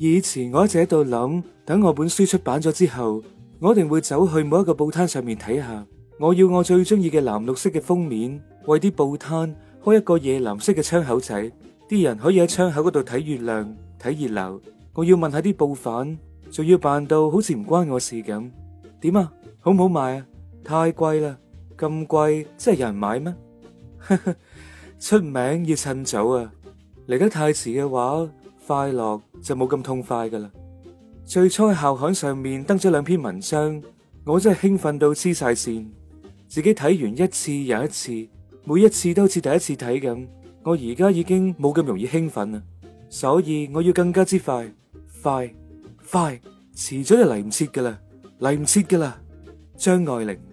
以前我一直喺度諗，等我本書出版咗之後，我一定會走去某一個報攤上面睇下。我要我最中意嘅藍綠色嘅封面，為啲報攤開一個夜藍色嘅窗口仔，啲人可以喺窗口嗰度睇月亮、睇熱鬧。我要問下啲報販，仲要扮到好似唔關我事咁？點啊？好唔好賣啊？太貴啦！咁貴真係有人買咩？ 出名要趁早啊！嚟得太遲嘅話。快樂就冇咁痛快噶啦。最初喺校刊上面登咗兩篇文章，我真係興奮到黐晒線。自己睇完一次又一次，每一次都好似第一次睇咁。我而家已經冇咁容易興奮啦，所以我要更加之快，快，快，遲咗就嚟唔切噶啦，嚟唔切噶啦，張愛玲。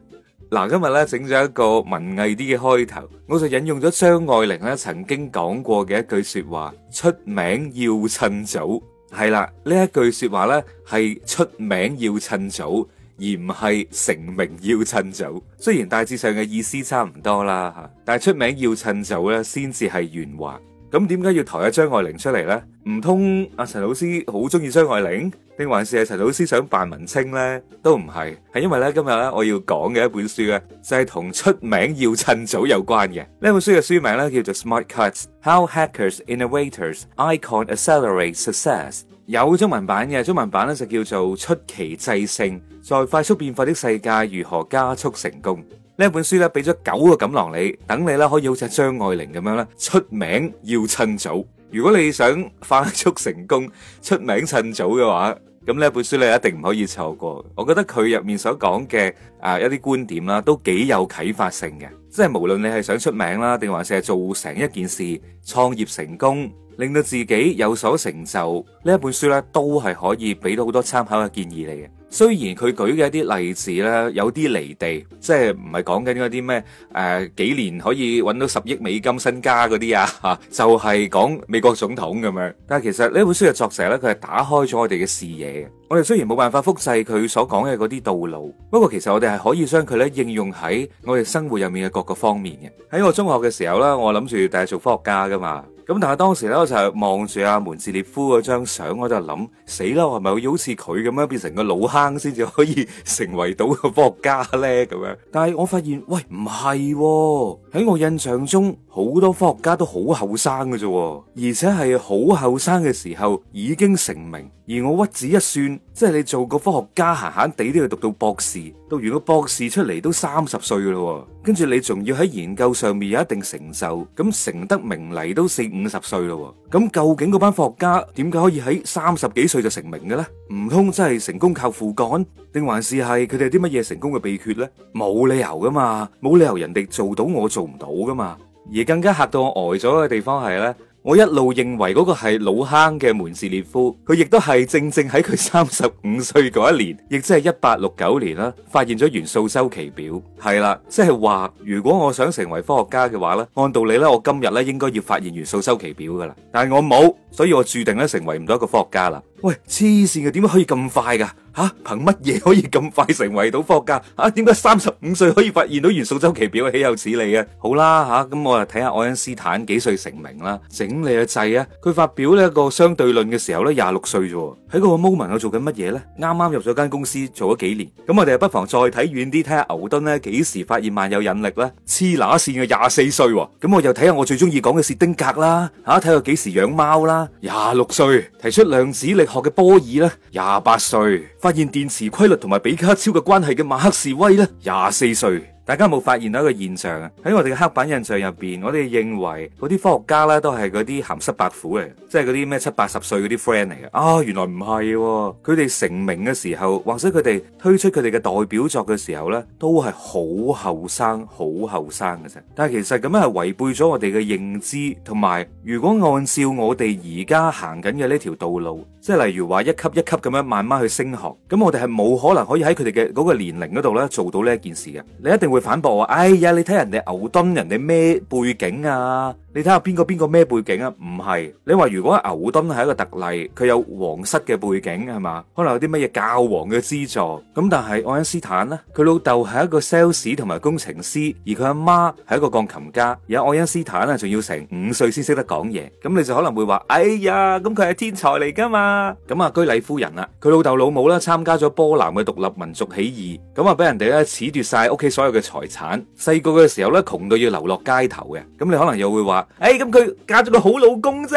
嗱，今日咧整咗一個文藝啲嘅開頭，我就引用咗張愛玲咧曾經講過嘅一句說話：出名要趁早。係啦，呢一句說話呢係出名要趁早，而唔係成名要趁早。雖然大致上嘅意思差唔多啦，吓，但係出名要趁早咧先至係原話。咁點解要抬阿張愛玲出嚟呢？唔通阿陳老師好中意張愛玲？定還是係陳老 C 想扮文青咧？都唔係，係因為咧今日咧我要講嘅一本書咧，就係同出名要趁早有關嘅。呢一本書嘅書名咧叫做《Smart Cuts：How Hackers Innovators Icon Accelerate Success》。有中文版嘅，中文版咧就叫做《出奇制勝：在快速變化的世界如何加速成功》。呢一本書咧俾咗九個錦囊你，等你咧可以好似係張愛玲咁樣啦，出名要趁早。如果你想快速成功、出名趁早嘅話，咁呢本書你一定唔可以錯過，我覺得佢入面所講嘅啊一啲觀點啦，都幾有啟發性嘅。即係無論你係想出名啦，定還是係做成一件事、創業成功，令到自己有所成就，呢一本書咧都係可以俾到好多參考嘅建議你嘅。雖然佢舉嘅一啲例子呢，有啲離地，即係唔係講緊嗰啲咩誒幾年可以揾到十億美金身家嗰啲啊吓，就係講美國總統咁樣。但係其實呢本書嘅作者呢，佢係打開咗我哋嘅視野。我哋雖然冇辦法複製佢所講嘅嗰啲道路，不過其實我哋係可以將佢呢應用喺我哋生活入面嘅各個方面嘅。喺我中學嘅時候呢，我諗住但係做科學家噶嘛。咁但係當時咧，我就望住阿門捷列夫嗰張相，我就諗死啦！我係咪要好似佢咁樣變成個老坑先至可以成為到個科學家咧？咁樣。但係我發現，喂，唔係喎。喺我印象中，好多科學家都好後生㗎啫，而且係好後生嘅時候已經成名。而我屈指一算，即係你做個科學家，閒閒地都要讀到博士，讀完個博士出嚟都三十歲噶啦，跟住你仲要喺研究上面有一定成就，咁成得名嚟都四。五十歲咯，咁究竟嗰班作家點解可以喺三十幾歲就成名嘅咧？唔通真係成功靠父幹，定還是係佢哋啲乜嘢成功嘅秘訣咧？冇理由噶嘛，冇理由人哋做到我做唔到噶嘛，而更加嚇到我呆咗嘅地方係咧。我一路認為嗰個係老坑嘅門捷列夫，佢亦都係正正喺佢三十五歲嗰一年，亦即係一八六九年啦，發現咗元素周期表。係啦，即係話如果我想成為科學家嘅話呢，按道理呢，我今日呢應該要發現元素周期表噶啦，但係我冇，所以我注定咧成為唔到一個科學家啦。喂，黐線嘅，點解可以咁快噶？吓，憑乜嘢可以咁快成為到科學家？吓，點解三十五歲可以發現到元素周期表？豈有此理啊！好啦，吓，咁我啊睇下愛因斯坦幾歲成名啦？整你個制啊！佢發表呢一個相對論嘅時候呢，廿六歲咋？喺嗰個 moment 我做緊乜嘢呢？啱啱入咗間公司做咗幾年，咁我哋不妨再睇遠啲，睇下牛頓呢幾時發現萬有引力啦？黐乸線嘅，廿四歲喎，咁我又睇下我最中意講嘅薛丁格啦，吓，睇下幾時養貓啦？廿六歲提出量子力。學嘅波爾咧，廿八歲發現電磁規律同埋比卡超嘅關係嘅馬克思威咧，廿四歲。大家有冇發現到一個現象啊？喺我哋嘅刻板印象入邊，我哋認為嗰啲科學家咧都係嗰啲咸濕白虎嚟。即係嗰啲咩七八十歲嗰啲 friend 嚟嘅啊。原來唔係喎，佢哋成名嘅時候，或者佢哋推出佢哋嘅代表作嘅時候呢，都係好後生，好後生嘅啫。但係其實咁樣係違背咗我哋嘅認知，同埋如果按照我哋而家行緊嘅呢條道路，即係例如話一級一級咁樣慢慢去升學，咁我哋係冇可能可以喺佢哋嘅嗰個年齡嗰度呢做到呢一件事嘅。你一定會反駁我，哎呀，你睇人哋牛頓，人哋咩背景啊？你睇下邊個邊個咩背景啊？唔係，你話如。如果牛頓係一個特例，佢有皇室嘅背景係嘛？可能有啲乜嘢教皇嘅資助咁，但係愛因斯坦呢，佢老豆係一個 sales 同埋工程師，而佢阿媽係一個鋼琴家。而愛因斯坦呢，仲要成五歲先識得講嘢，咁你就可能會話：哎呀，咁佢係天才嚟㗎嘛？咁啊居里夫人啊，佢老豆老母咧參加咗波蘭嘅獨立民族起義，咁啊俾人哋咧褫奪晒屋企所有嘅財產。細個嘅時候咧窮到要流落街頭嘅，咁你可能又會話：哎，咁佢嫁咗個好老公啫。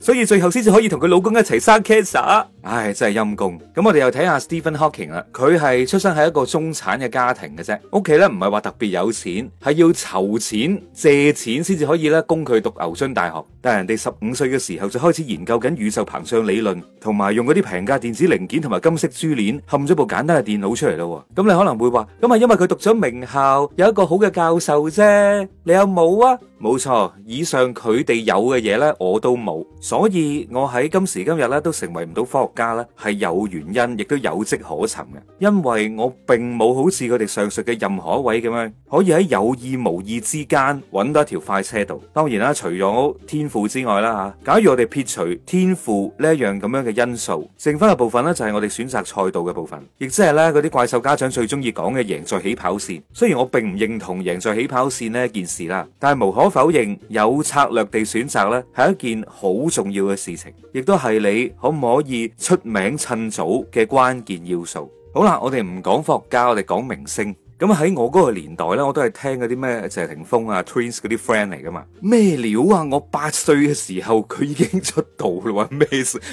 所以最後先至可以同佢老公一齊生 cancer，唉，真係陰公。咁我哋又睇下 Stephen Hawking 啦，佢係出生喺一個中產嘅家庭嘅啫，屋企咧唔係話特別有錢，係要籌錢借錢先至可以咧供佢讀牛津大學。但係人哋十五歲嘅時候就開始研究緊宇宙膨脹理論，同埋用嗰啲平價電子零件同埋金色珠鏈冚咗部簡單嘅電腦出嚟咯。咁你可能會話，咁係因為佢讀咗名校，有一個好嘅教授啫。你有冇啊？冇錯，以上佢哋有嘅嘢呢，我都冇。所以我喺今時今日咧，都成為唔到科學家咧，係有原因，亦都有跡可尋嘅。因為我並冇好似佢哋上述嘅任何一位咁樣，可以喺有意無意之間揾到一條快車道。當然啦，除咗天賦之外啦，吓，假如我哋撇除天賦呢一樣咁樣嘅因素，剩翻嘅部分咧就係我哋選擇賽道嘅部分，亦即係咧嗰啲怪獸家長最中意講嘅贏在起跑線。雖然我並唔認同贏在起跑線呢一件事啦，但係無可否認，有策略地選擇咧係一件好。重要嘅事情，亦都係你可唔可以出名趁早嘅關鍵要素。好啦，我哋唔講科學家，我哋講明星。咁喺我嗰個年代呢，我都係聽嗰啲咩謝霆鋒啊、Twins 嗰啲 friend 嚟噶嘛。咩料啊？我八歲嘅時候，佢已經出道啦？咩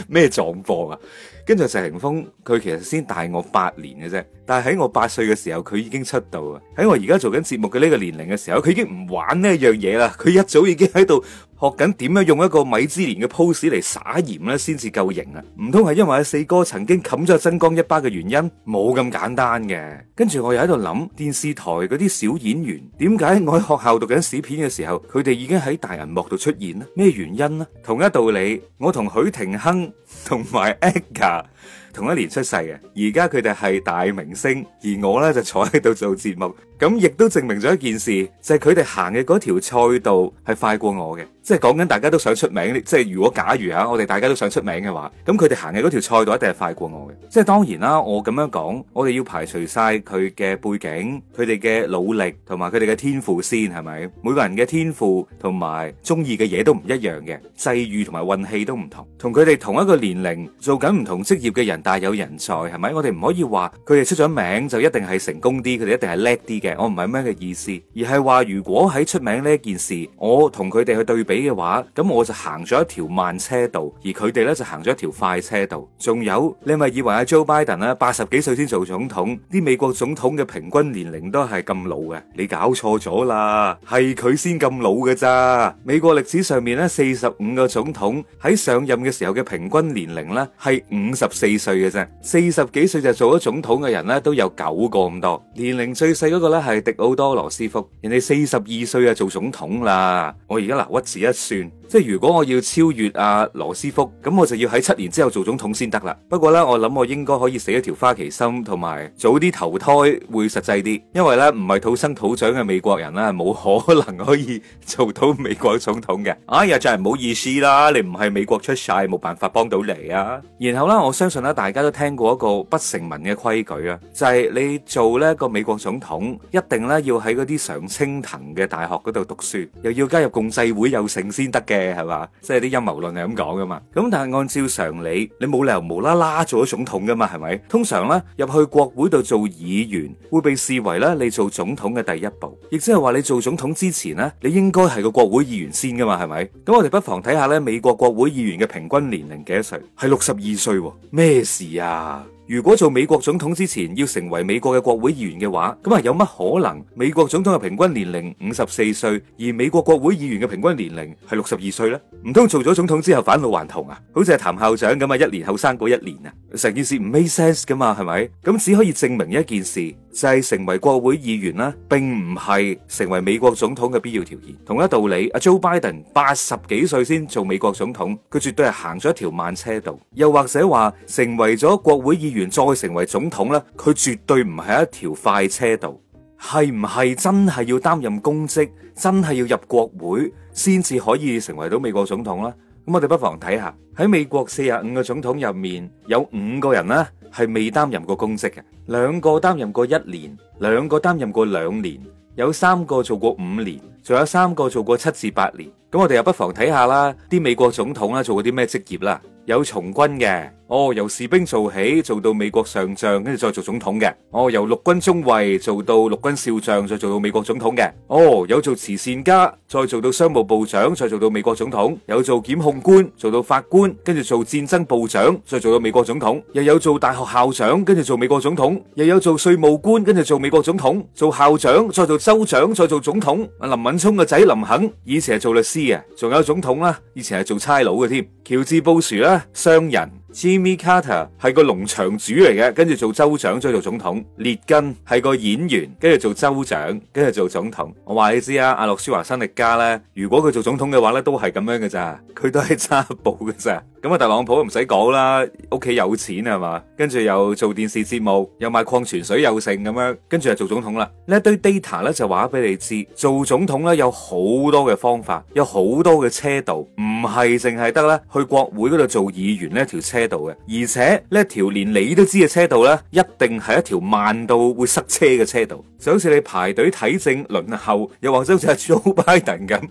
咩狀況啊？跟住謝霆鋒，佢其實先大我八年嘅啫。但係喺我八歲嘅時候，佢已經出道啊。喺我而家做緊節目嘅呢個年齡嘅時候，佢已經唔玩呢一樣嘢啦。佢一早已經喺度。學緊點樣用一個米芝蓮嘅 pose 嚟撒鹽咧，先至夠型啊！唔通係因為四哥曾經冚咗曾江一巴嘅原因？冇咁簡單嘅。跟住我又喺度諗，電視台嗰啲小演員，點解我喺學校讀緊史片嘅時候，佢哋已經喺大銀幕度出現咧？咩原因咧？同一道理，我同許廷鏗同埋 AGA 同一年出世嘅，而家佢哋係大明星，而我呢就坐喺度做節目。咁亦都證明咗一件事，就係佢哋行嘅嗰條賽道係快過我嘅。即係講緊大家都想出名，即係如果假如吓，我哋大家都想出名嘅話，咁佢哋行嘅嗰條賽道一定係快過我嘅。即係當然啦，我咁樣講，我哋要排除晒佢嘅背景、佢哋嘅努力同埋佢哋嘅天賦先，係咪？每個人嘅天賦同埋中意嘅嘢都唔一樣嘅，際遇同埋運氣都唔同。同佢哋同一個年齡做緊唔同職業嘅人大有人在，係咪？我哋唔可以話佢哋出咗名就一定係成功啲，佢哋一定係叻啲。嘅我唔係咩嘅意思，而係話如果喺出名呢一件事，我同佢哋去對比嘅話，咁我就行咗一條慢車道，而佢哋咧就行咗一條快車道。仲有你咪以為阿 Joe Biden 咧八十幾歲先做總統，啲美國總統嘅平均年齡都係咁老嘅，你搞錯咗啦，係佢先咁老嘅咋？美國歷史上面咧四十五個總統喺上任嘅時候嘅平均年齡咧係五十四歲嘅啫，四十幾歲就做咗總統嘅人咧都有九個咁多，年齡最細嗰個咧。係迪奧多羅斯福，人哋四十二歲啊做總統啦，我而家嗱屈指一算。即係如果我要超越阿羅斯福，咁我就要喺七年之後做總統先得啦。不過呢，我諗我應該可以死一條花旗參，同埋早啲投胎會實際啲。因為呢唔係土生土長嘅美國人呢冇可能可以做到美國總統嘅。哎呀，真係唔好意思啦，你唔係美國出世，冇辦法幫到你啊。然後呢，我相信呢，大家都聽過一個不成文嘅規矩啊，就係你做呢一個美國總統，一定呢要喺嗰啲常青藤嘅大學嗰度讀書，又要加入共濟會有成先得嘅。係 嘛，即係啲陰謀論係咁講噶嘛，咁但係按照常理，你冇理由無啦啦做咗總統噶嘛，係咪？通常呢，入去國會度做議員會被視為咧你做總統嘅第一步，亦即係話你做總統之前呢，你應該係個國會議員先噶嘛，係咪？咁我哋不妨睇下呢美國國會議員嘅平均年齡幾多歲，係六十二歲，咩 事啊？如果做美國總統之前要成為美國嘅國會議員嘅話，咁啊有乜可能美國總統嘅平均年齡五十四歲，而美國國會議員嘅平均年齡係六十二歲咧？唔通做咗總統之後返老還童啊？好似係譚校長咁啊，一年後生過一年啊，成件事唔 make sense 噶嘛？係咪？咁只可以證明一件事，就係成為國會議員啦，並唔係成為美國總統嘅必要條件。同一道理，阿 Joe Biden 八十幾歲先做美國總統，佢絕對係行咗一條慢車道，又或者話成為咗國會議員。再成為總統咧，佢絕對唔係一條快車道。係唔係真係要擔任公職，真係要入國會先至可以成為到美國總統咧？咁我哋不妨睇下喺美國四十五個總統入面，有五個人咧係未擔任過公職嘅，兩個擔任過一年，兩個擔任過兩年，有三個做過五年。仲有三個做過七至八年，咁我哋又不妨睇下啦，啲美國總統啦做過啲咩職業啦？有從軍嘅，哦，由士兵做起，做到美國上將，跟住再做總統嘅，哦，由陸軍中尉做到陸軍少將，再做到美國總統嘅，哦，有做慈善家，再做到商務部長，再做到美國總統，有做檢控官做到法官，跟住做戰爭部長，再做到美國總統，又有做大學校長，跟住做美國總統，又有做稅務官，跟住做美國總統，做校長，再做州長，再做總統，林允。林聰個仔林肯，以前係做律師嘅，仲有總統啦，啊，以前係做差佬嘅添。喬治布殊啦，啊，商人。Jimmy Carter 係個農場主嚟嘅，跟住做州長，再、就是、做總統。列根係個演員，跟住做州長，跟住做總統。我話你知啊，阿諾舒華辛力加咧，如果佢做總統嘅話咧，都係咁樣嘅咋，佢都係揸布嘅咋。咁啊，特朗普唔使講啦，屋企有錢係嘛，跟住又做電視節目，又賣礦泉水又剩咁樣，跟住就做總統啦。呢一堆 data 咧就話俾你知，做總統咧有好多嘅方法，有好多嘅車道，唔係淨係得咧去國會嗰度做議員呢一條車度嘅，而且呢一條連你都知嘅車道呢，一定係一條慢到會塞車嘅車道，就好似你排隊睇症輪候，又或者好似阿 Joe Biden 咁，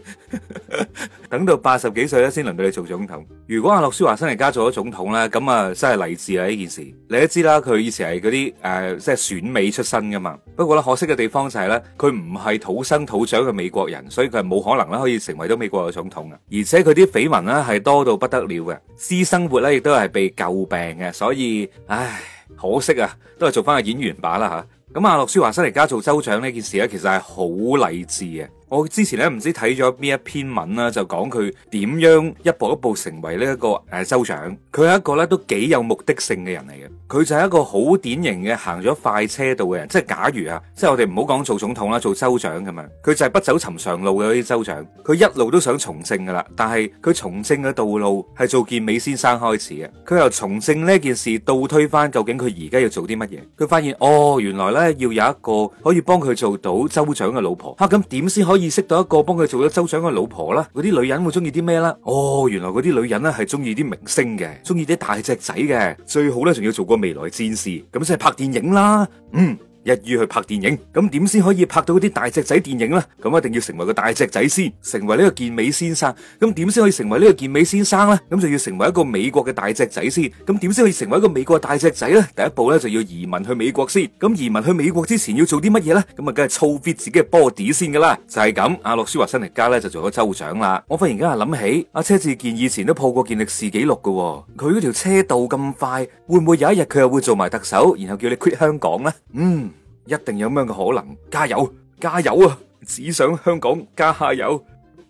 等到八十幾歲咧先輪到你做總統。如果阿諾舒華生而家做咗總統呢，咁啊真係勵志啊呢件事。你都知啦，佢以前係嗰啲誒即係選美出身㗎嘛。不過呢，可惜嘅地方就係呢，佢唔係土生土長嘅美國人，所以佢係冇可能咧可以成為到美國嘅總統嘅。而且佢啲緋聞呢，係多到不得了嘅，私生活呢，亦都係被。救病嘅，所以唉，可惜啊，都係做翻個演員版啦吓。咁阿諾舒華辛力加做州長呢件事咧，其實係好勵志嘅。我之前咧，唔知睇咗邊一篇文啦，就講佢點樣一步一步成為呢一個誒州長。佢係一個咧，都幾有目的性嘅人嚟嘅。佢就係一個好典型嘅行咗快車道嘅人。即係假如啊，即係我哋唔好講做總統啦，做州長咁樣，佢就係不走尋常路嗰啲州長。佢一路都想從政噶啦，但係佢從政嘅道路係做健美先生開始嘅。佢由從政呢一件事倒推返，究竟佢而家要做啲乜嘢？佢發現哦，原來咧，要有一個可以幫佢做到州長嘅老婆。吓，咁點先可？可以識到一個幫佢做咗州長嘅老婆啦，嗰啲女人會中意啲咩啦？哦，原來嗰啲女人呢係中意啲明星嘅，中意啲大隻仔嘅，最好呢，仲要做過未來戰士，咁即係拍電影啦。嗯。一於去拍電影，咁點先可以拍到啲大隻仔電影呢？咁一定要成為個大隻仔先，成為呢個健美先生。咁點先可以成為呢個健美先生呢？咁就要成為一個美國嘅大隻仔先。咁點先可以成為一個美國大隻仔呢？第一步呢，就要移民去美國先。咁移民去美國之前要做啲乜嘢呢？咁啊，梗係操 fit 自己嘅波 o 先噶啦。就係、是、咁，阿諾舒華辛力加呢就做咗州長啦。我忽然間啊諗起，阿車志健以前都破過健力士紀錄嘅，哦，佢嗰條車道咁快，會唔會有一日佢又會做埋特首，然後叫你 quit 香港呢？嗯。一定有咁樣嘅可能，加油，加油啊！只想香港加油。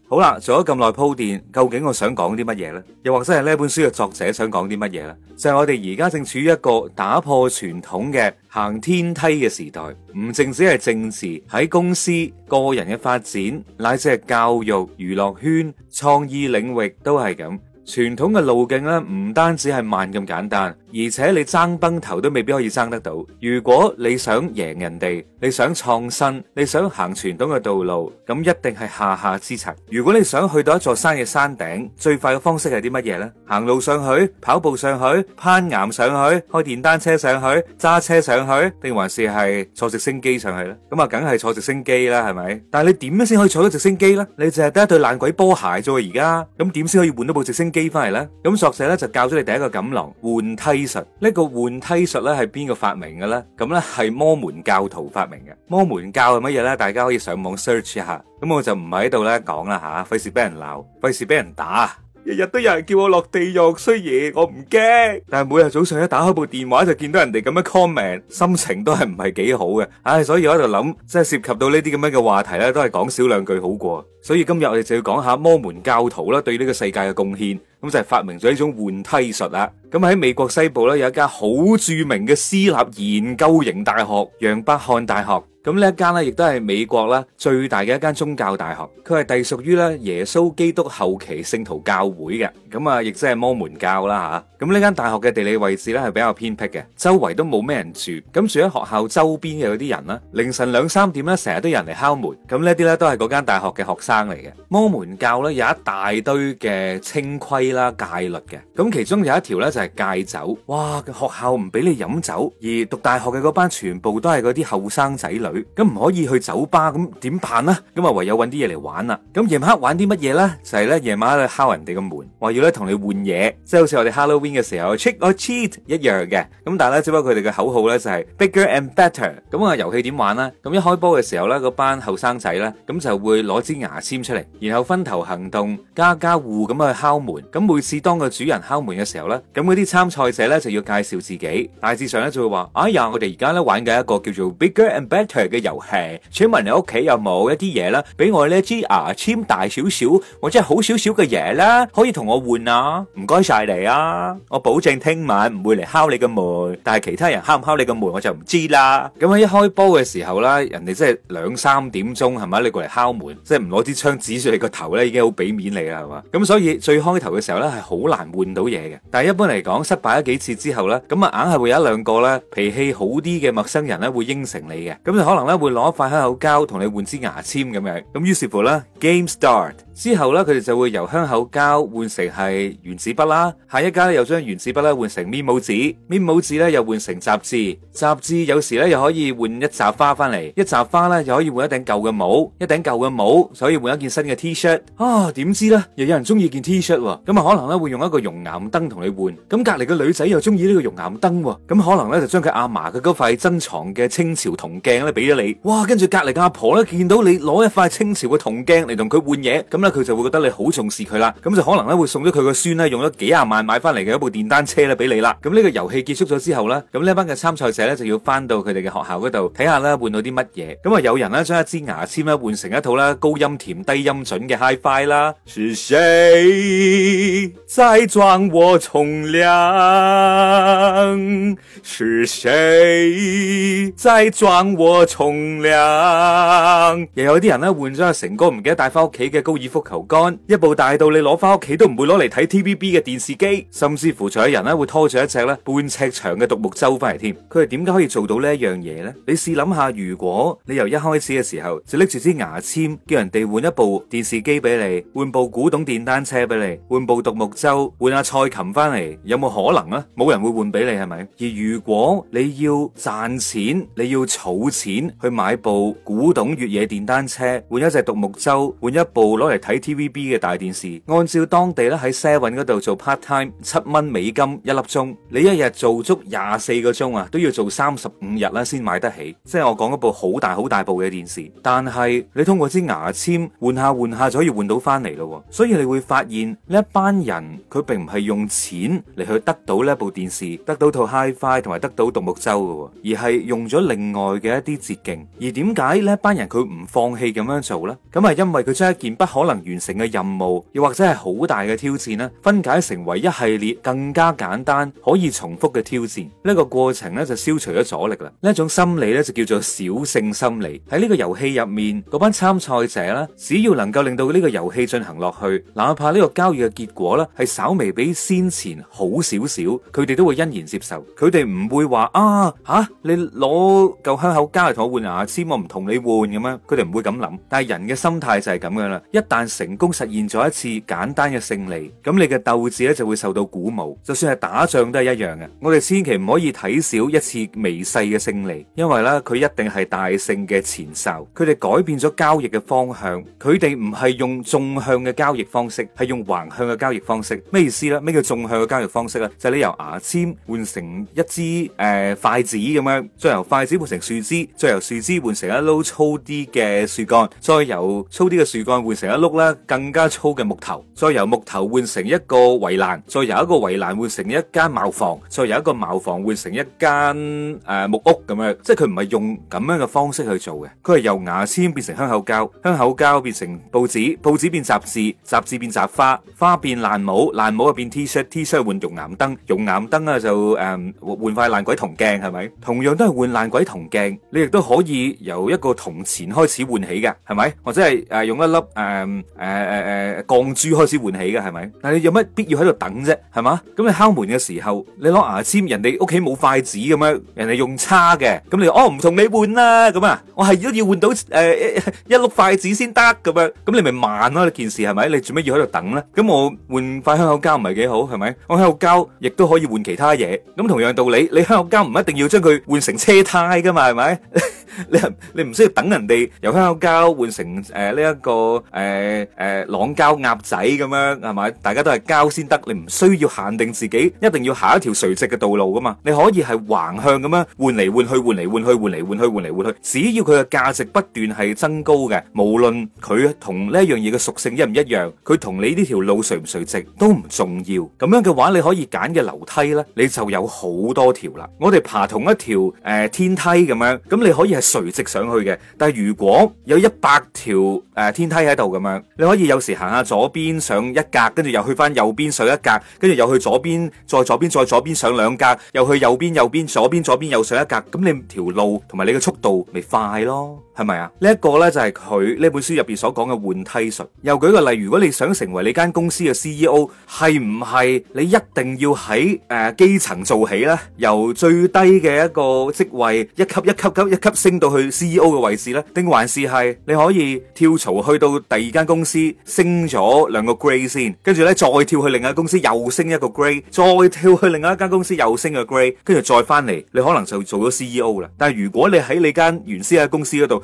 好啦，做咗咁耐鋪墊，究竟我想講啲乜嘢呢？又或者係呢本書嘅作者想講啲乜嘢呢？就係、是、我哋而家正處於一個打破傳統嘅行天梯嘅時代，唔淨止係政治，喺公司、個人嘅發展，乃至係教育、娛樂圈、創意領域都係咁。傳統嘅路徑咧，唔單止係慢咁簡單，而且你爭崩頭都未必可以爭得到。如果你想贏人哋，你想創新，你想行傳統嘅道路，咁一定係下下之策。如果你想去到一座山嘅山頂，最快嘅方式係啲乜嘢呢？行路上去，跑步上去，攀岩上去，開電單車上去，揸車上去，定還是係坐直升機上去呢？咁啊，梗係坐直升機啦，係咪？但係你點樣先可以坐到直升機呢？你淨係得一對爛鬼波鞋啫，而家咁點先可以換到部直升機？機翻嚟啦。咁索舍咧就教咗你第一個錦囊換梯術。呢、這個換梯術咧係邊個發明嘅咧？咁咧係摩門教徒發明嘅。摩門教係乜嘢咧？大家可以上網 search 一下。咁我就唔喺度咧講啦吓，費事俾人鬧，費事俾人打。日日都有人叫我落地獄，雖然我唔驚，但係每日早上一打開部電話就見到人哋咁樣 comment，心情都係唔係幾好嘅。唉、啊，所以我喺度諗，即係涉及到呢啲咁樣嘅話題咧，都係講少兩句好過。所以今日我哋就要講下摩門教徒啦，對呢個世界嘅貢獻，咁就係發明咗呢種換梯術啦。咁喺美國西部咧，有一間好著名嘅私立研究型大學——楊百翰大學。咁呢一間咧，亦都係美國咧最大嘅一間宗教大學，佢係隸屬於咧耶穌基督後期聖徒教會嘅。咁啊，亦即係摩門教啦吓。咁呢間大學嘅地理位置咧係比較偏僻嘅，周圍都冇咩人住。咁住喺學校周邊嘅嗰啲人啦，凌晨兩三點咧，成日都有人嚟敲門。咁呢啲咧，都係嗰間大學嘅學生。生嚟嘅魔門教咧，有一大堆嘅清規啦戒律嘅，咁其中有一條咧就係、是、戒酒。哇，學校唔俾你飲酒，而讀大學嘅嗰班全部都係嗰啲後生仔女，咁唔可以去酒吧，咁點辦呢？咁啊唯有揾啲嘢嚟玩啦。咁夜晚黑玩啲乜嘢呢？就係咧夜晚黑敲人哋個門，話要咧同你換嘢，即、就、係、是、好似我哋 Halloween 嘅時候 trick or treat 一樣嘅。咁但係咧只不過佢哋嘅口號咧就係、是、bigger and better。咁啊遊戲點玩呢？咁一開波嘅時候咧，嗰班後生仔咧，咁就會攞支牙。籤出嚟，然後分頭行動，家家戶戶咁去敲門。咁每次當個主人敲門嘅時候咧,咁嗰啲參賽者咧就要介紹自己。大致上咧就會話：哎呀,我哋而家咧玩嘅一個叫做《Bigger and Better》嘅遊戲,請問你屋企有冇一啲嘢咧,俾我呢一支牙籤大少少,或者係好少少嘅嘢咧,可以同我換啊？唔該晒你啊！我保證聽晚唔會嚟敲你個門,但係其他人敲唔敲你個門我就唔知啦。咁喺一開波嘅時候啦,人哋即係兩三點鐘係咪,你過嚟敲門,即係唔攞啲。槍指住你個頭咧，已經好俾面你啦，係嘛？咁所以最開頭嘅時候咧，係好難換到嘢嘅。但係一般嚟講，失敗咗幾次之後咧，咁啊硬係會有一兩個咧脾氣好啲嘅陌生人咧會應承你嘅。咁就可能咧會攞塊香口膠同你換支牙籤咁樣。咁於是乎咧，game start。之後咧，佢哋就會由香口膠換成係原子筆啦。下一間咧又將原子筆咧換成 memo 紙，memo 紙咧又換成雜誌，雜誌有時咧又可以換一扎花翻嚟，一扎花咧又可以換一頂舊嘅帽，一頂舊嘅帽就可以換一件新嘅 T-shirt。啊，點知咧又有人中意件 T-shirt，咁啊可能咧會用一個熔岩燈同你換。咁隔籬個女仔又中意呢個熔岩燈，咁可能咧就將佢阿嫲佢嗰塊珍藏嘅清朝銅鏡咧俾咗你。哇，跟住隔籬嘅阿婆咧見到你攞一塊清朝嘅銅鏡嚟同佢換嘢，咁。佢就會覺得你好重視佢啦，咁就可能咧會送咗佢個孫咧用咗幾廿萬買翻嚟嘅一部電單車咧俾你啦。咁呢個遊戲結束咗之後咧，咁呢班嘅參賽者咧就要翻到佢哋嘅學校嗰度睇下咧換到啲乜嘢。咁啊有人咧將一支牙籤咧換成一套咧高音甜低音準嘅 HiFi 啦。Fi, 是誰在撞我重量？是誰在撞我重量？又有啲人咧換咗阿成哥唔記得帶翻屋企嘅高爾夫足球桿，一部大到你攞翻屋企都唔會攞嚟睇 TVB 嘅電視機，甚至乎仲有人咧會拖住一隻咧半尺長嘅獨木舟翻嚟添。佢係點解可以做到呢一樣嘢咧？你試諗下，如果你由一開始嘅時候就拎住支牙籤，叫人哋換一部電視機俾你，換部古董電單車俾你，換部獨木舟，換下蔡琴翻嚟，有冇可能啊？冇人會換俾你係咪？而如果你要賺錢，你要儲錢去買部古董越野電單車，換一隻獨木舟，換一部攞嚟。睇 TVB 嘅大電視，按照當地咧喺 seven 嗰度做 part time，七蚊美金一粒鐘，你一日做足廿四個鐘啊，都要做三十五日啦先買得起。即係我講一部好大好大部嘅電視，但係你通過支牙籤換下換下就可以換到翻嚟咯。所以你會發現呢一班人佢並唔係用錢嚟去得到呢一部電視，得到套 HiFi 同埋得到獨木舟㗎，而係用咗另外嘅一啲捷徑。而點解呢一班人佢唔放棄咁樣做呢？咁啊，因為佢將一件不可能。完成嘅任務，又或者係好大嘅挑戰咧，分解成為一系列更加簡單可以重複嘅挑戰，呢個過程咧就消除咗阻力啦。呢一種心理咧就叫做小勝心理。喺呢個遊戲入面，嗰班參賽者啦，只要能夠令到呢個遊戲進行落去，哪怕呢個交易嘅結果咧係稍微比先前好少少，佢哋都會欣然接受。佢哋唔會話啊吓，你攞嚿香口膠嚟同我換牙籤，我唔同你換咁樣，佢哋唔會咁諗。但係人嘅心態就係咁樣啦，一旦成功實現咗一次簡單嘅勝利，咁你嘅鬥志咧就會受到鼓舞。就算係打仗都係一樣嘅，我哋千祈唔可以睇少一次微細嘅勝利，因為咧佢一定係大勝嘅前哨。佢哋改變咗交易嘅方向，佢哋唔係用縱向嘅交易方式，係用橫向嘅交易方式。咩意思呢？咩叫縱向嘅交易方式咧？就係你由牙籤換成一支誒、呃、筷子咁樣，再由筷子換成樹枝，再由樹枝換成一碌粗啲嘅樹幹，再由粗啲嘅樹幹換成一碌。啦，更加粗嘅木頭，再由木頭換成一個圍欄，再由一個圍欄換成一間茅房，再由一個茅房換成一間誒木屋咁樣，即係佢唔係用咁樣嘅方式去做嘅，佢係由牙籤變成香口膠，香口膠變成報紙，報紙變雜誌，雜誌變雜花，花變爛帽，爛帽啊變 T 恤，T 恤換熔岩燈，熔岩燈啊就誒換塊爛鬼銅鏡，係咪？同樣都係換爛鬼銅鏡，你亦都可以由一個銅錢開始換起嘅，係咪？或者係誒用一粒誒。誒誒誒，鋼珠開始換起嘅係咪？但係你有乜必要喺度等啫？係嘛？咁你敲門嘅時候，你攞牙籤，人哋屋企冇筷子咁樣，人哋用叉嘅，咁你哦唔同你換啦，咁啊，我係都要換到誒一碌筷子先得，咁樣，咁你咪慢咯？呢件事係咪？你做咩要喺度等咧？咁我換塊香口膠唔係幾好，係咪？我香口膠亦都可以換其他嘢，咁同樣道理，你香口膠唔一定要將佢換成車胎噶嘛，係咪？你你唔需要等人哋由香口膠換成誒呢一個誒。誒誒、呃，朗交鴨仔咁樣係咪？大家都係交先得，你唔需要限定自己一定要下一條垂直嘅道路噶嘛，你可以係橫向咁樣換嚟換去，換嚟換去，換嚟換去，換嚟換去，只要佢嘅價值不斷係增高嘅，無論佢同呢一樣嘢嘅屬性一唔一樣，佢同你呢條路垂唔垂直都唔重要。咁樣嘅話，你可以揀嘅樓梯呢，你就有好多條啦。我哋爬同一條誒、呃、天梯咁樣，咁你可以係垂直上去嘅。但係如果有一百條誒、呃、天梯喺度咁樣。你可以有時行下左邊上一格，跟住又去返右邊上一格，跟住又去左邊再左邊再左邊上兩格，又去右邊右邊左邊左邊又上一格，咁你條路同埋你嘅速度咪快咯。係咪啊？呢一，這個咧就係佢呢本書入邊所講嘅換梯術。又舉個例，如果你想成為你間公司嘅 C E O，係唔係你一定要喺誒、呃、基層做起呢？由最低嘅一個職位一級一級一級一級，一級升到去 C E O 嘅位置呢？定還是係你可以跳槽去到第二間公司升咗兩個 grade 先，跟住呢再跳去另一間公司又升一個 grade，再跳去另一間公司又升個 grade，跟住再翻嚟，你可能就做咗 C E O 啦。但係如果你喺你間原先嘅公司嗰度，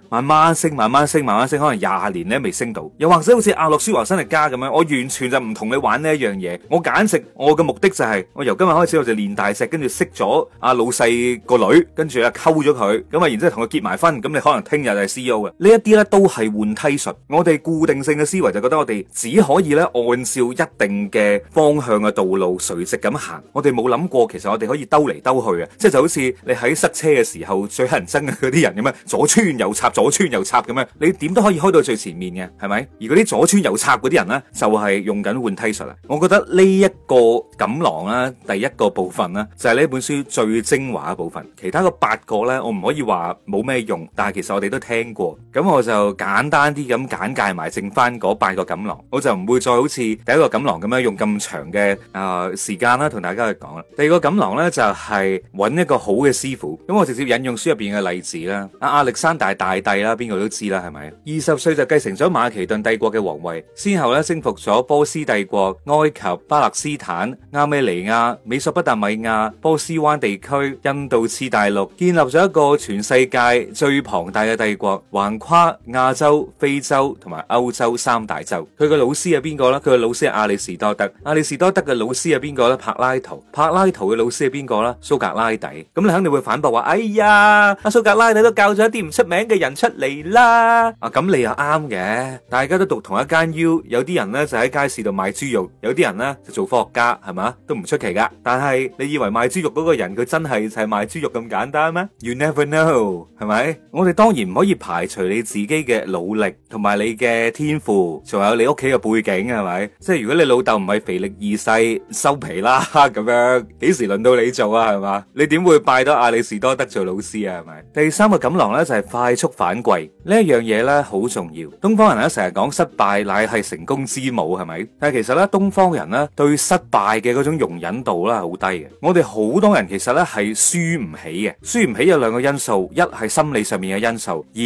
慢慢升，慢慢升，慢慢升，可能廿年咧未升到。又或者好似阿諾舒華新力加咁樣，我完全就唔同你玩呢一樣嘢。我簡直我嘅目的就係、是、我由今日開始，我就練大隻，跟住識咗阿老細個女，跟住啊溝咗佢，咁啊然之後同佢結埋婚。咁你可能聽日就係 C E O 嘅。呢一啲咧都係換梯術。我哋固定性嘅思維就覺得我哋只可以咧按照一定嘅方向嘅道路垂直咁行。我哋冇諗過其實我哋可以兜嚟兜去啊！即係就好似你喺塞車嘅時候最乞人憎嘅嗰啲人咁樣左穿右插左穿右插咁樣，你點都可以開到最前面嘅，係咪？而嗰啲左穿右插嗰啲人咧，就係用緊換梯術啊！我覺得呢一個錦囊啦，第一個部分啦，就係呢本書最精華嘅部分。其他個八個咧，我唔可以話冇咩用，但係其實我哋都聽過。咁我就簡單啲咁簡介埋，剩翻嗰八個錦囊，我就唔會再好似第一個錦囊咁樣用咁長嘅啊時間啦，同大家去講啦。第二個錦囊咧就係揾一個好嘅師傅。咁我直接引用書入邊嘅例子啦。阿阿力山大大大。係啦，邊個都知啦，係咪？二十歲就繼承咗馬其頓帝國嘅皇位，先後咧征服咗波斯帝國、埃及、巴勒斯坦、亞美尼亞、美索不達米亞、波斯灣地區、印度次大陸，建立咗一個全世界最龐大嘅帝國，橫跨亞洲、非洲同埋歐洲三大洲。佢嘅老師係邊個呢？佢嘅老師係阿里士多德。阿里士多德嘅老師係邊個呢？柏拉圖。柏拉圖嘅老師係邊個呢？蘇格拉底。咁你肯定會反駁話：哎呀，阿蘇格拉底都教咗一啲唔出名嘅人。出嚟啦！啊，咁你又啱嘅，大家都讀同一間 U，有啲人呢就喺街市度賣豬肉，有啲人呢就做科學家，係嘛都唔出奇噶。但係你以為賣豬肉嗰個人佢真係就係賣豬肉咁簡單咩？You never know，係咪？我哋當然唔可以排除你自己嘅努力同埋你嘅天賦，仲有你屋企嘅背景，係咪？即係如果你老豆唔係肥力二世收皮啦，咁樣幾時輪到你做啊？係嘛，你點會拜到亞里士多德做老師啊？係咪？第三個錦囊呢就係快速。反貴呢一樣嘢咧，好重要，東方人咧，成日講失敗乃係成功之母係咪？但係其實咧，東方人咧，對失敗嘅嗰種容忍度咧，係好低嘅。我哋好多人其實咧，係輸唔起嘅。輸唔起有兩個因素，一係心理上面嘅因素，二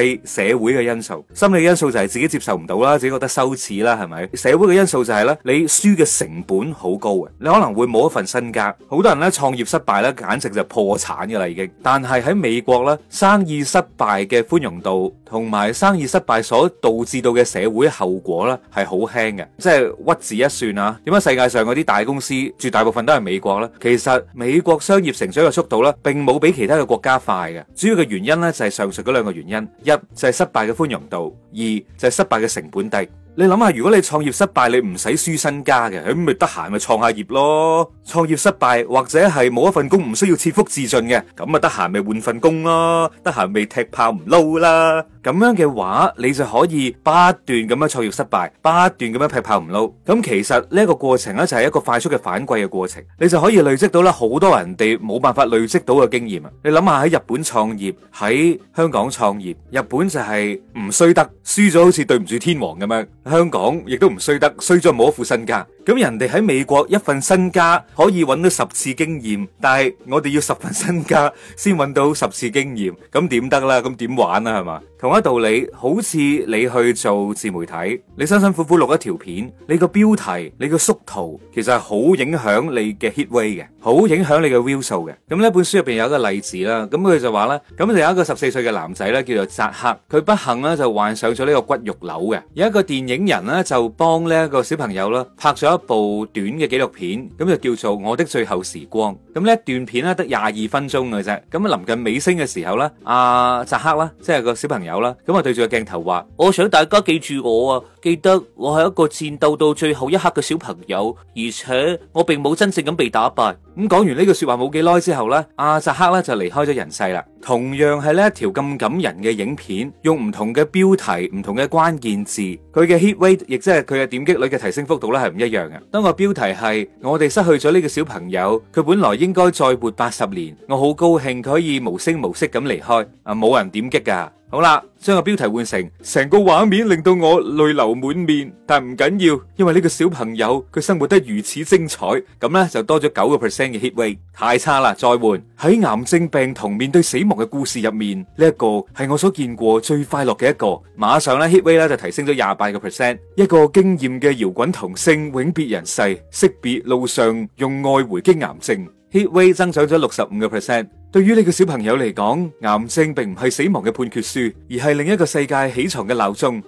係社會嘅因素。心理因素就係自己接受唔到啦，自己覺得羞恥啦，係咪？社會嘅因素就係咧，你輸嘅成本好高嘅，你可能會冇一份身家。好多人咧，創業失敗咧，簡直就破產噶啦已經。但係喺美國咧，生意失敗嘅寬容度同埋生意失敗所導致到嘅社會後果咧，係好輕嘅，即係屈指一算啊！點解世界上嗰啲大公司，絕大部分都係美國呢？其實美國商業成長嘅速度咧，並冇比其他嘅國家快嘅。主要嘅原因咧，就係上述嗰兩個原因：一就係失敗嘅寬容度，二就係失敗嘅成本低。你諗下，如果你創業失敗，你唔使輸身家嘅，咁咪得閒咪創下業咯。創業失敗或者係冇一份工唔需要切腹自盡嘅，咁啊得閒咪換份工咯，得閒咪踢炮唔撈啦。咁樣嘅話，你就可以不斷咁樣創業失敗，不斷咁樣劈炮唔撈。咁其實呢個過程咧就係一個快速嘅反饋嘅過程，你就可以累積到咧好多人哋冇辦法累積到嘅經驗啊！你諗下喺日本創業，喺香港創業，日本就係唔衰得，輸咗好似對唔住天皇咁樣。香港亦都唔衰得，衰咗冇一副身家。咁人哋喺美國一份身家可以揾到十次經驗，但係我哋要十份身家先揾到十次經驗，咁點得啦？咁點玩啊？係嘛，同一道理，好似你去做自媒體，你辛辛苦苦錄一條片，你個標題、你個縮圖，其實係好影響你嘅 hit rate 嘅，好影響你嘅 view 數嘅。咁呢一本書入邊有一個例子啦，咁佢就話啦，咁就有一個十四歲嘅男仔咧，叫做扎克，佢不幸咧就患上咗呢個骨肉瘤嘅，有一個電影人咧就幫呢一個小朋友啦，拍咗一部短嘅紀錄片，咁就叫做《我的最後時光》。咁呢一段片咧得廿二分鐘嘅啫。咁臨近尾聲嘅時候咧，阿扎克啦，即係個小朋友啦，咁啊對住個鏡頭話：我想大家記住我啊，記得我係一個戰鬥到最後一刻嘅小朋友，而且我並冇真正咁被打敗。咁講完呢句說話冇幾耐之後咧，阿扎克咧就離開咗人世啦。同樣係呢一條咁感人嘅影片，用唔同嘅標題、唔同嘅關鍵字，佢嘅 hit rate 亦即係佢嘅點擊率嘅提升幅度咧係唔一樣嘅。當個標題係我哋失去咗呢個小朋友，佢本來應該再活八十年，我好高興佢可以無聲無息咁離開，啊冇人點擊㗎。好啦，將個標題換成成個畫面令到我淚流滿面，但唔緊要，因為呢個小朋友佢生活得如此精彩，咁呢就多咗九個 percent 嘅 hit rate 太差啦，再換喺癌症病童面對死亡嘅故事入面，呢一個係我所見過最快樂嘅一個，馬上呢 hit rate 咧就提升咗廿八個 percent，一個驚艷嘅搖滾童星永別人世，惜別路上用愛回擊癌症。hit rate 增長咗六十五個 percent，對於你個小朋友嚟講，癌症並唔係死亡嘅判決書，而係另一個世界起床嘅鬧鐘。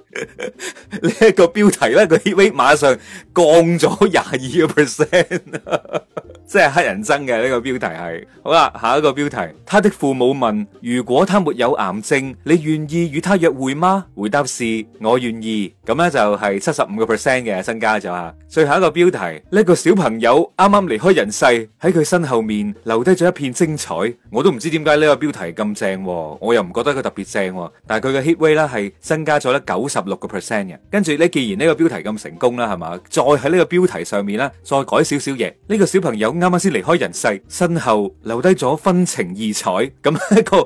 呢 一個標題咧，個 hit rate 馬上降咗廿二個 percent。 即係黑人憎嘅呢個標題係好啦，下一個標題，他的父母問：如果他沒有癌症，你願意與他約會嗎？回答是：我願意。咁咧就係七十五個 percent 嘅增加咗吓。最後一個標題：呢個小朋友啱啱離開人世，喺佢身後面留低咗一片精彩。我都唔知點解呢個標題咁正喎，我又唔覺得佢特別正喎，但係佢嘅 hit rate 咧係增加咗咧九十六個 percent 嘅。跟住咧，既然呢個標題咁成功啦，係嘛，再喺呢個標題上面咧，再改少少嘢。呢個小朋友。啱啱先離開人世，身後留低咗分情異彩。咁呢個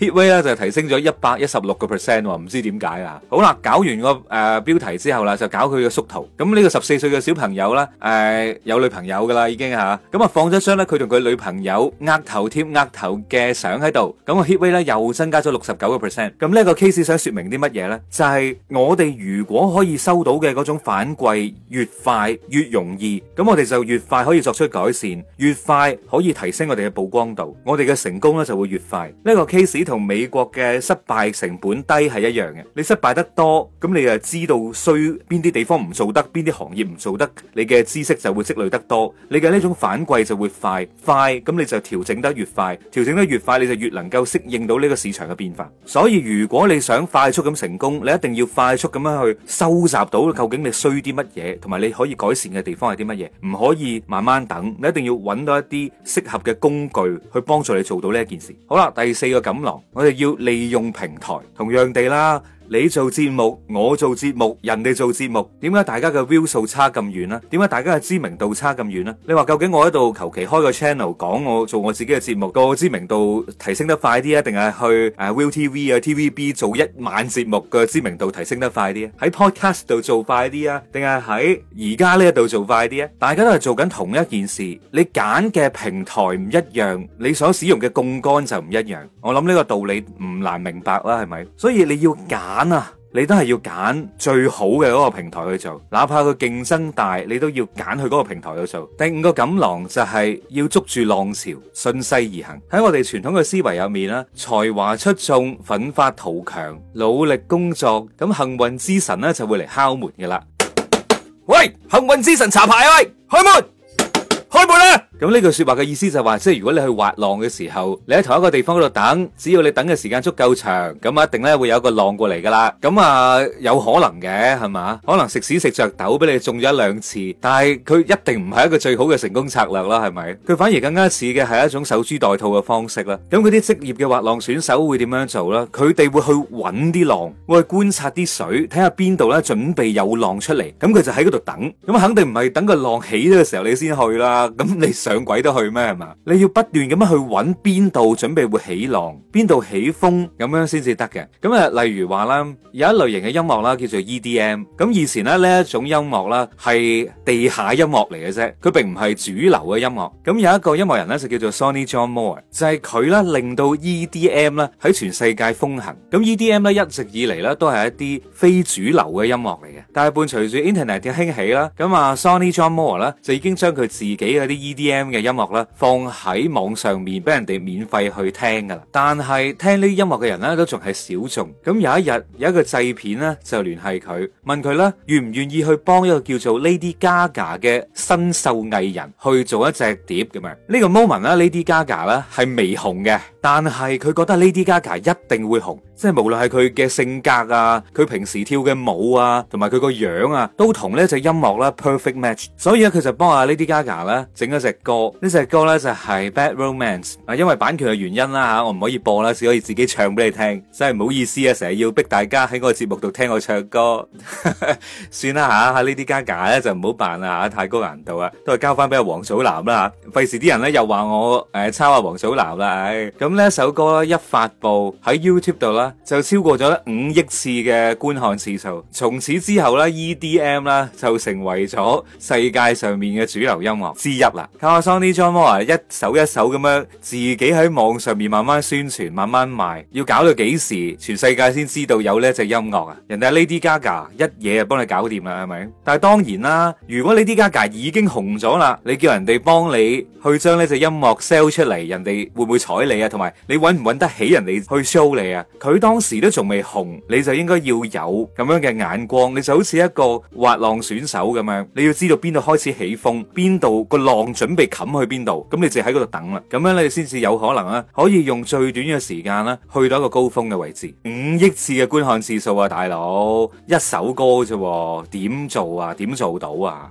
hit rate 咧就提升咗一百一十六個 percent，唔知點解啊？好啦，搞完個誒標題之後啦，就搞佢嘅縮圖。咁呢個十四歲嘅小朋友啦，誒有女朋友噶啦已經吓，咁啊放咗張咧佢同佢女朋友額頭貼額頭嘅相喺度。咁個 hit rate 咧又增加咗六十九個 percent。咁呢一個 case 想說明啲乜嘢呢？就係我哋如果可以收到嘅嗰種反饋越快越容易，咁我哋就越快可以作出改善。越快可以提升我哋嘅曝光度，我哋嘅成功咧就會越快。呢個 case 同美國嘅失敗成本低係一樣嘅。你失敗得多，咁你就知道衰邊啲地方唔做得，邊啲行業唔做得，你嘅知識就會積累得多。你嘅呢種反饋就會快快，咁你就調整得越快，調整得越快，你就越能夠適應到呢個市場嘅變化。所以如果你想快速咁成功，你一定要快速咁樣去收集到究竟你衰啲乜嘢，同埋你可以改善嘅地方係啲乜嘢，唔可以慢慢等，你一定。一定要揾到一啲適合嘅工具去幫助你做到呢一件事。好啦，第四個錦囊，我哋要利用平台同樣地啦。你做節目，我做節目，人哋做節目，點解大家嘅 view 數差咁遠啊？點解大家嘅知名度差咁遠啊？你話究竟我喺度求其開個 channel 講，我做我自己嘅節目，個知名度提升得快啲，定係去誒 ViuTV 啊 TVB 做一晚節目嘅知名度提升得快啲？喺 podcast 度做快啲啊？定係喺而家呢一度做快啲啊？大家都係做緊同一件事，你揀嘅平台唔一樣，你所使用嘅槓桿就唔一樣。我諗呢個道理唔難明白啦，係咪？所以你要揀。揀啊！你都係要揀最好嘅嗰個平台去做，哪怕佢競爭大，你都要揀去嗰個平台去做。第五個錦囊就係要捉住浪潮，順勢而行。喺我哋傳統嘅思維入面啦，才華出眾、奮發圖強、努力工作，咁幸運之神咧就會嚟敲門嘅啦。喂，幸運之神查牌、啊、喂，開門，開門啦、啊！咁呢句說話嘅意思就話，即係如果你去滑浪嘅時候，你喺同一個地方嗰度等，只要你等嘅時間足夠長，咁啊一定咧會有一個浪過嚟噶啦。咁啊有可能嘅係嘛，可能食屎食着豆俾你中咗一兩次，但係佢一定唔係一個最好嘅成功策略啦，係咪？佢反而更加似嘅係一種守株待兔嘅方式啦。咁嗰啲職業嘅滑浪選手會點樣做咧？佢哋會去揾啲浪，會去觀察啲水，睇下邊度咧準備有浪出嚟，咁佢就喺嗰度等。咁肯定唔係等個浪起咗嘅時候你先去啦，咁你。想鬼都去咩？係嘛，你要不斷咁樣去揾邊度準備會起浪，邊度起風咁樣先至得嘅。咁啊，例如話啦，有一類型嘅音樂啦，叫做 E D M。咁以前咧呢一種音樂啦係地下音樂嚟嘅啫，佢並唔係主流嘅音樂。咁有一個音樂人咧就叫做 Sony John Moore，就係佢咧令到 E D M 咧喺全世界風行。咁 E D M 咧一直以嚟咧都係一啲非主流嘅音樂嚟嘅，但係伴隨住 Internet 嘅興起啦，咁啊 Sony John Moore 咧就已經將佢自己嗰啲 E D M 音樂啦，放喺網上面俾人哋免費去聽噶啦，但係聽呢啲音樂嘅人咧都仲係小眾。咁有一日，有一個製片咧就聯繫佢，問佢咧願唔願意去幫一個叫做 Lady Gaga 嘅新秀藝人去做一隻碟咁啊。呢個 moment 呢，Lady Gaga 啦係未紅嘅，但係佢覺得 Lady Gaga 一定會紅。即係無論係佢嘅性格啊，佢平時跳嘅舞啊，同埋佢個樣啊，都同呢隻音樂啦 perfect match。所以咧，佢就幫阿 Lady Gaga 啦整咗隻歌。呢隻歌咧就係 Bad Romance。啊，因為版權嘅原因啦吓，我唔可以播啦，只可以自己唱俾你聽。真係唔好意思啊，成日要逼大家喺我嘅節目度聽我唱歌。算啦吓，阿 Lady Gaga 咧就唔好扮啦吓，太高難度啊，都係交翻俾阿黃祖藍啦吓。費事啲人咧又話我誒抄下黃祖藍啦。咁呢一首歌咧一發布喺 YouTube 度啦。就超過咗五億次嘅觀看次數，從此之後咧，EDM 咧就成為咗世界上面嘅主流音樂之一啦。卡桑尼·張摩一手一手咁樣自己喺網上面慢慢宣傳，慢慢賣，要搞到幾時全世界先知道有呢一隻音樂啊？人哋 Lady Gaga 一嘢就幫你搞掂啦，係咪？但係當然啦，如果 Lady Gaga 已經紅咗啦，你叫人哋幫你去將呢隻音樂 sell 出嚟，人哋會唔會睬你啊？同埋你揾唔揾得起人哋去 show 你啊？佢，當時都仲未紅，你就應該要有咁樣嘅眼光，你就好似一個滑浪選手咁樣，你要知道邊度開始起風，邊度個浪準備冚去邊度，咁你就喺嗰度等啦，咁樣你先至有可能啦，可以用最短嘅時間啦去到一個高峰嘅位置。五億次嘅觀看次數啊，大佬，一首歌啫，點做啊，點做到啊？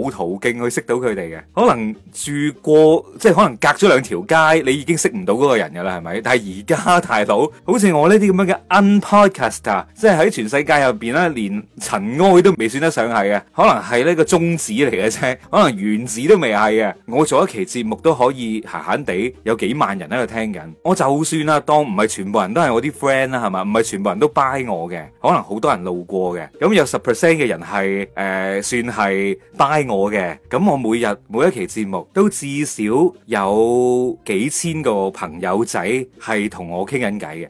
冇途徑去識到佢哋嘅，可能住過即係可能隔咗兩條街，你已經識唔到嗰個人㗎啦，係咪？但係而家大佬，好似我呢啲咁樣嘅 un podcast、啊、即係喺全世界入邊咧，連塵埃都未算得上係嘅，可能係呢個宗旨嚟嘅啫，可能原子都未係嘅。我做一期節目都可以閒閒地有幾萬人喺度聽緊，我就算啦、啊，當唔係全部人都係我啲 friend 啦，係嘛？唔係全部人都 buy 我嘅，可能好多人路過嘅，咁有十 percent 嘅人係誒、呃、算係 buy 我嘅咁，我每日每一期節目都至少有幾千個朋友仔係同我傾緊偈嘅。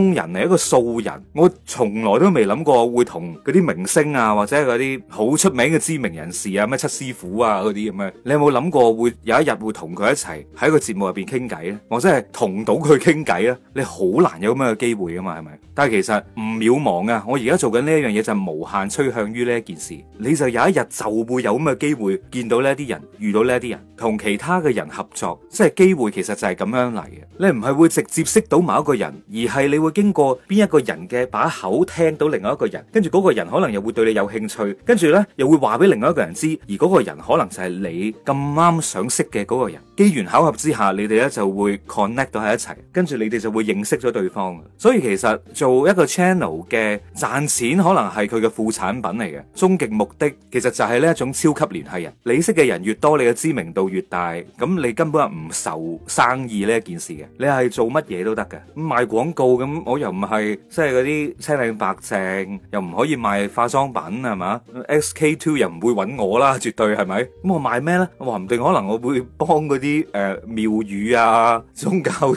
工人係一個素人，我從來都未諗過會同嗰啲明星啊，或者係嗰啲好出名嘅知名人士啊，咩七師傅啊嗰啲咁嘅，你有冇諗過會有一日會同佢一齊喺個節目入邊傾偈咧，我真係同到佢傾偈咧？你好難有咁樣嘅機會噶嘛，係咪？但係其實唔渺茫啊！我而家做緊呢一樣嘢就係無限趨向於呢一件事，你就有一日就會有咁嘅機會見到呢一啲人，遇到呢一啲人，同其他嘅人合作，即係機會其實就係咁樣嚟嘅。你唔係會直接識到某一個人，而係你。會經過邊一個人嘅把口，聽到另外一個人，跟住嗰個人可能又會對你有興趣，跟住咧又會話俾另外一個人知，而嗰個人可能就係你咁啱想識嘅嗰個人。機緣巧合之下，你哋咧就會 connect 到喺一齊，跟住你哋就會認識咗對方。所以其實做一個 channel 嘅賺錢，可能係佢嘅副產品嚟嘅。終極目的其實就係呢一種超級聯繫人。你識嘅人越多，你嘅知名度越大，咁你根本唔受生意呢一件事嘅。你係做乜嘢都得嘅，賣廣告咁，我又唔係即係嗰啲青靚白淨，又唔可以賣化妝品係嘛？SK two 又唔會揾我啦，絕對係咪？咁我賣咩呢？話唔定可能我會幫嗰啲。啲誒廟宇啊，宗教團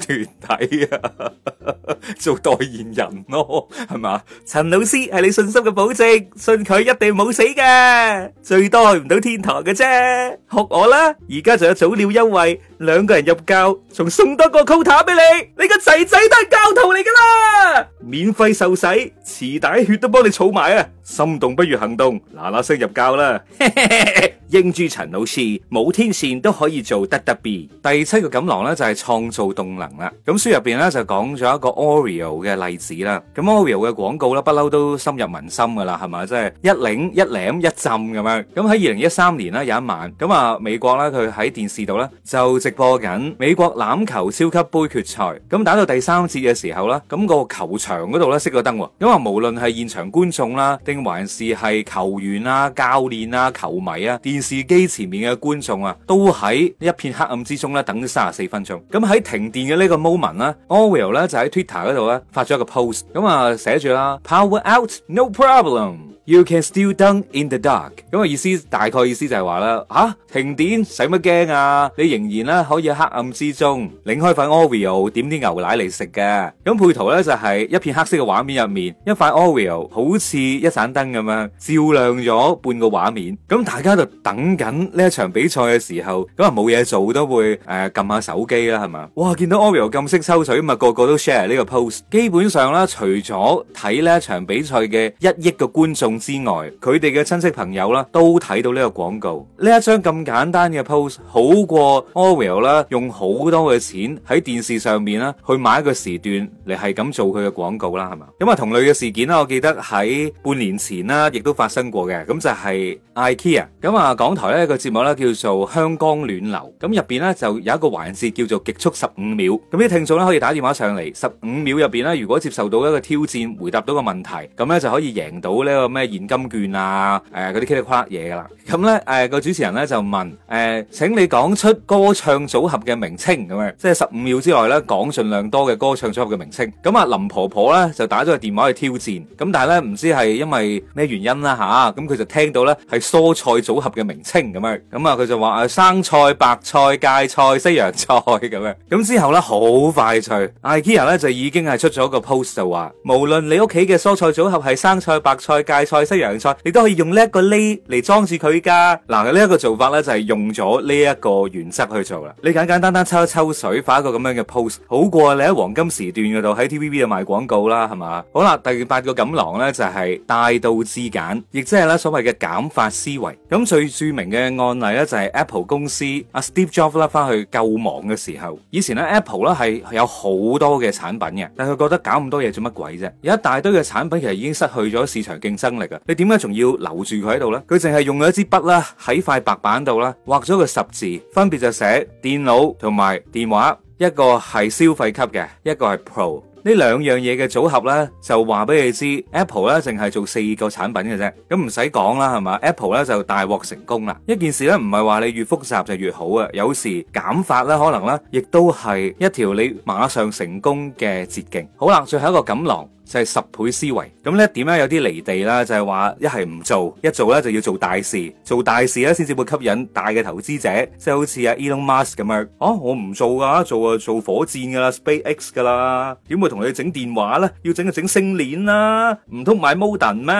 體啊，做代言人咯，係嘛？陳老師係你信心嘅保證，信佢一定冇死嘅，最多去唔到天堂嘅啫。學我啦，而家仲有早鳥優惠，兩個人入教，仲送多個 quota 俾你。你個仔仔都係教徒嚟噶啦，免費受洗，臍帶血都幫你儲埋啊！心動不如行動，嗱嗱聲入教啦！英珠陳老師冇天線都可以做得得 B。第七個錦囊咧就係、是、創造動能啦。咁書入邊咧就講咗一個 Oreo 嘅例子啦。咁 Oreo 嘅廣告咧不嬲都深入民心噶啦，係嘛？即、就、係、是、一擰一擸一浸咁樣。咁喺二零一三年咧有一晚，咁啊美國咧佢喺電視度咧就直播緊美國籃球超級杯決賽。咁打到第三節嘅時候啦，咁、那個球場嗰度咧熄咗燈。因為無論係現場觀眾啦，定還是係球員啊、教練啊、球迷啊、電視機前面嘅觀眾啊，都喺一片黑暗之中咧等咗三十四分鐘。咁喺停電嘅 呢個 moment 啦，Oreo 咧就喺 Twitter 嗰度咧發咗一個 post，咁啊寫住啦，Power out, no problem。You can still dunk in the dark。咁嘅意思，大概意思就係話啦，吓停電使乜驚啊？你仍然咧可以喺黑暗之中擰開塊 Oreo，點啲牛奶嚟食嘅。咁配圖咧就係一片黑色嘅畫面入面，一塊 Oreo 好似一盞燈咁樣，照亮咗半個畫面。咁大家就等緊呢一場比賽嘅時候，咁啊冇嘢做都會誒撳下手機啦，係嘛？哇！見到 Oreo 咁識抽水，咁啊個個都 share 呢個 post。基本上啦，除咗睇呢一場比賽嘅一億個觀眾。之外，佢哋嘅親戚朋友啦，都睇到呢個廣告。呢一張咁簡單嘅 post，好過 Oreal 啦，用好多嘅錢喺電視上面啦，去買一個時段嚟係咁做佢嘅廣告啦，係嘛。咁啊，同類嘅事件啦，我記得喺半年前啦，亦都發生過嘅。咁就係 IKEA。咁啊，港台咧一個節目咧叫做《香江暖流》。咁入邊咧就有一個環節叫做極速十五秒。咁啲聽眾咧可以打電話上嚟，十五秒入邊咧，如果接受到一個挑戰，回答到個問題，咁咧就可以贏到呢個咩？現金券啊，誒嗰啲奇啦怪啦嘢噶啦，咁咧誒個主持人咧就問誒，請你講出歌唱組合嘅名稱咁樣，即係十五秒之內咧講盡量多嘅歌唱組合嘅名稱。咁阿林婆婆咧就打咗個電話去挑戰，咁但係咧唔知係因為咩原因啦吓，咁佢就聽到咧係蔬菜組合嘅名稱咁樣，咁啊佢就話啊生菜、白菜、芥菜、西洋菜咁樣，咁之後咧好快脆，IKEA 咧就已經係出咗個 post 就話，無論你屋企嘅蔬菜組合係生菜、白菜、芥菜西洋菜，你都可以用呢一個笠嚟裝住佢噶。嗱，呢、這、一個做法呢就係用咗呢一個原則去做啦。你簡簡單單抽一抽水，發一個咁樣嘅 post，好過你喺黃金時段嗰度喺 TVB 度賣廣告啦，係嘛？好啦，第八個錦囊呢就係大道至簡，亦即係呢所謂嘅減法思維。咁最著名嘅案例呢就係 Apple 公司阿 Steve Jobs 啦，翻去救亡嘅時候，以前呢 Apple 呢係有好多嘅產品嘅，但佢覺得搞咁多嘢做乜鬼啫？有一大堆嘅產品其實已經失去咗市場競爭你點解仲要留住佢喺度呢？佢淨係用咗一支筆啦，喺塊白板度啦，畫咗個十字，分別就寫電腦同埋電話，一個係消費級嘅，一個係 Pro。呢兩樣嘢嘅組合呢，就話俾你知，Apple 呢淨係做四個產品嘅啫。咁唔使講啦，係嘛？Apple 呢就大獲成功啦。一件事呢，唔係話你越複雜就越好啊。有時減法呢，可能呢，亦都係一條你馬上成功嘅捷徑。好啦，最後一個錦囊。就係十倍思維，咁呢點咧有啲離地啦，就係話一係唔做，一做呢就要做大事，做大事呢，先至會吸引大嘅投資者，即係好似阿 Elon Musk 咁樣。啊，我唔做噶，做啊做火箭噶啦，Space X 噶啦，點會同你整電話呢？要整就整星鏈啦，唔通買 Moden 咩？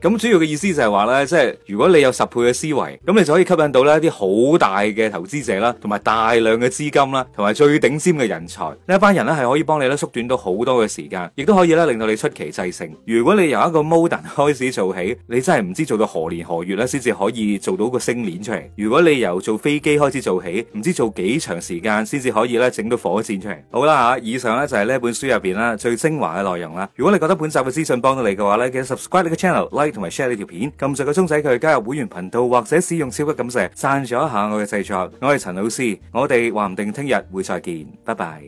咁主要嘅意思就係話呢，即係如果你有十倍嘅思維，咁你就可以吸引到呢啲好大嘅投資者啦，同埋大量嘅資金啦，同埋最頂尖嘅人才。呢一班人呢，係可以幫你咧縮短到好多嘅時間，亦都可以呢，令到你出奇制勝。如果你由一個 modem 開始做起，你真係唔知做到何年何月咧，先至可以做到個星鏈出嚟。如果你由做飛機開始做起，唔知做幾長時間先至可以咧整到火箭出嚟。好啦吓，以上咧就係呢一本書入邊咧最精華嘅內容啦。如果你覺得本集嘅資訊幫到你嘅話咧，記得 subscribe 你個 channel，like 同埋 share 你條片。撳上個鐘仔佢加入會員頻道或者使用超級感謝贊助一下我嘅製作。我係陳老 C，我哋話唔定聽日會再見，拜拜。